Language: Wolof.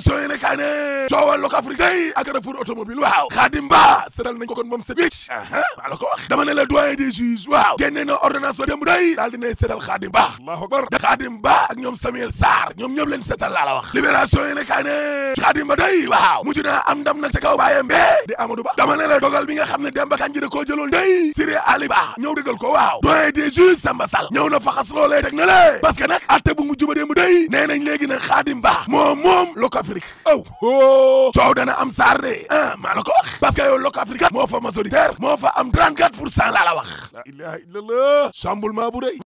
Libération yéene kaay ne coowal Locafrique day waaw Khadim setal nañ ko kon moom set wicc maa la ko wax dama ne la doyen waaw génne na ordonnance ba démb day daal setal Khadim Ba Allahu ñoom Samuel ñoom ñëpp la wax Libération yéene kaay ne Khadim Ba day waaw mujj naa am ndam nag ca di Amadou Ba dama ne dogal bi nga xam ne Demba Kandji da koo jëloon day ñëw dëggal ko waaw doyen des juges Samba Sall ñëw na fa xas loolee teg na lé parce que nag atte bu mujj day nee nañ léegi nag xaadim moom moom lok aw coow dana am saar de ah maa la ko yow lok moo fa majoritaire moo fa am 34 pour cent laa la wax la ilaha illallah chamboulement bu rëy